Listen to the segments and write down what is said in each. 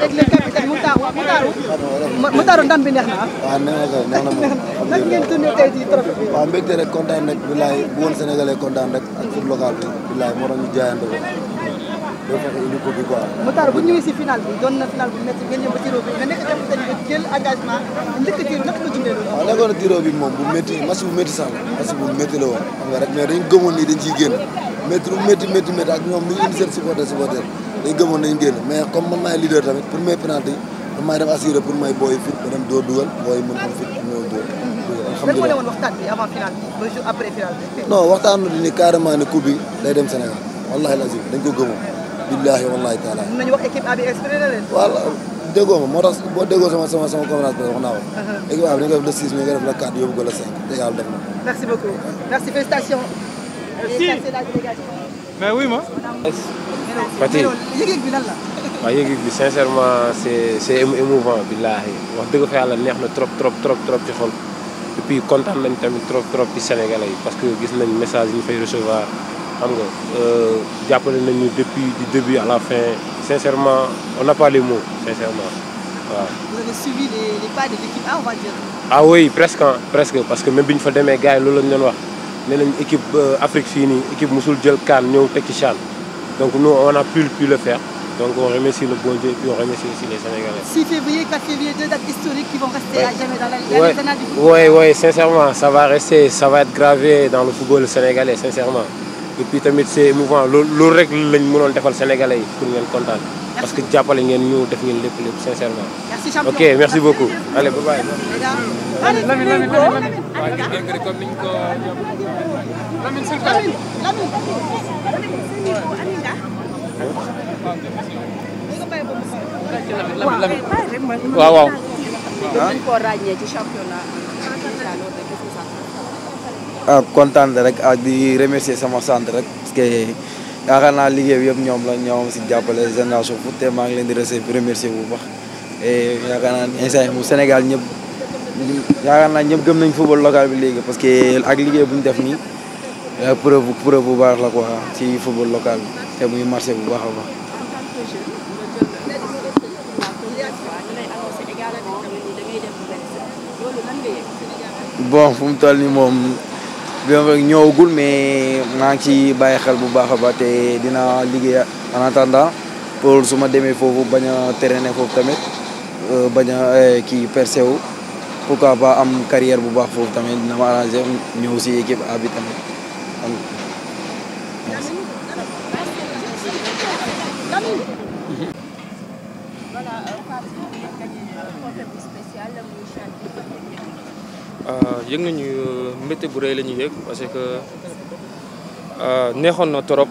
rek le capitaine mu taaru mu taaru bi neex na waaw neex na kay neex moom nag ngeen tourné tey jii trop waaw mbégte rek kontaan rek bilaay bu rek ak foot local bi bilaay ñu jaayante ko doo fexe indi ko bi quoi mu taaru bu ñëwee si final bi doon na final bu métti ngeen ñëw ba tiro bi nga dañ gëmoon nii métti lu métti métti métti ak ñoom ñu indi seen supporter supporter dañ gëmoon nañ génn mais comme man maay leader tamit pour may penalty man maay def assuré pour may booy fit ma dem dóor dugal booy mën am fit ñëw dóor alhamdulilah lan moo waxtaan bi avant final waxtaan na ni carrément ne coupe bi day dem Sénégal wallahi lazim dañ ko gëmoon billahi wallahi taala mën nañu wax équipe A bi exprimé na leen ma moo tax boo déggoo sama sama sama conférence wax naa ko uh-huh. équipe A bi dañ ko def Eh, si mais wuy ma. Fatick yëg-yëg bi lan la. bi sincèrement c'est c'est émouvant billaahi wax dëgg fa yàlla neex na trop trop trop trop ci xol. et kontaan nañ tamit trop trop ci Sénégalais yi parce que gis nañ message yi ñu fay recevoir xam nga euh, jàppale nañu depuis du début à la fin sincèrement on n'a pas sincèrement waaw. A, on va dire. ah oui presque parce que même bi ñu fa demee gars yi loolu lañ leen wax. ne nañ équipe euh, Afrique fii nii équipe musul jël CAN ñëw tekki CHAN donc nous on a pu pu le faire donc on remercie le bon Dieu et puis on remercie aussi les Sénégalais. 6 février 4 février deux dates historiques qui vont rester à jamais dans la ouais. du football. Oui oui sincèrement ça va rester ça va être gravé dans le football sénégalais sincèrement. et tamit c'est émouvant loolu loolu rek lañ mënoon defal sénégalais yi pour ngeen kontaan parce que jàppale ngeen ñu def ngeen lépp lépp sincèrement. ok merci beaucoup. allez bye bye. Lamine ko waaw. waaw. ah kontaan rek ak ah, di remercier sama sant rek parce que yaakaar naa liggéey bi yëpp ñoom la ñoom si jàppale génération foot te maa ngi leen di remercier bu baax et yaakaar naa instant mu Sénégal ñëpp yaakaar naa ñëpp gëm nañ football local bi léegi parce que ak liggéey bu ñu def nii ah, preuve preuve bu baax la ko ci football local bi te muy marché bu baax a bon fu mu toll nii moom. bien vrai ñëwagul mais maa ngi ci bàyyi xel bu baax a baax te dina liggéey en attendant pour su ma demee foofu bañ a traîner foofu tamit euh, bañ ki eh, kii percé wu pourquoi pas am carrière bu baax foofu tamit dina ma arrangé ñëw si équipe A Euh, yëg nañu euh, métti bu rey lañu ñuy yëg parce que euh, neexoon na trop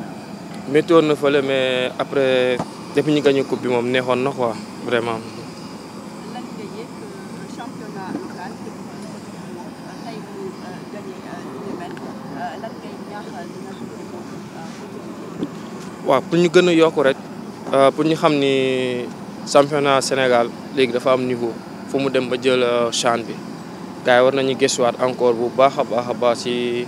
méttoon na fële mais après depuis ñu gagné coupe bi moom neexoon na ko vraiment. waaw pour ñu gën a yokku rek pour ñu xam ni championnat Sénégal léegi dafa am niveau fu mu dem ba jël CHAN bi. gars war nañu gëstuwaat encore bu baax baax a baax ci euh,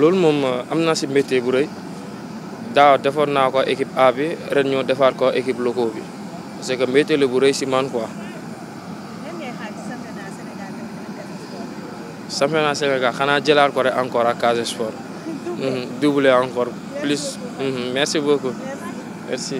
loolu moom euh, am ci si bu rëy daaw defoon naa ko équipe A bi ren ñoo defaat ko équipe locaux bi parce que mbégte la bu rëy si man quoi. xanaa jëlaat ko rek encore ak Casa Sport. Euh, doubler encore plus mhm. merci beaucoup merci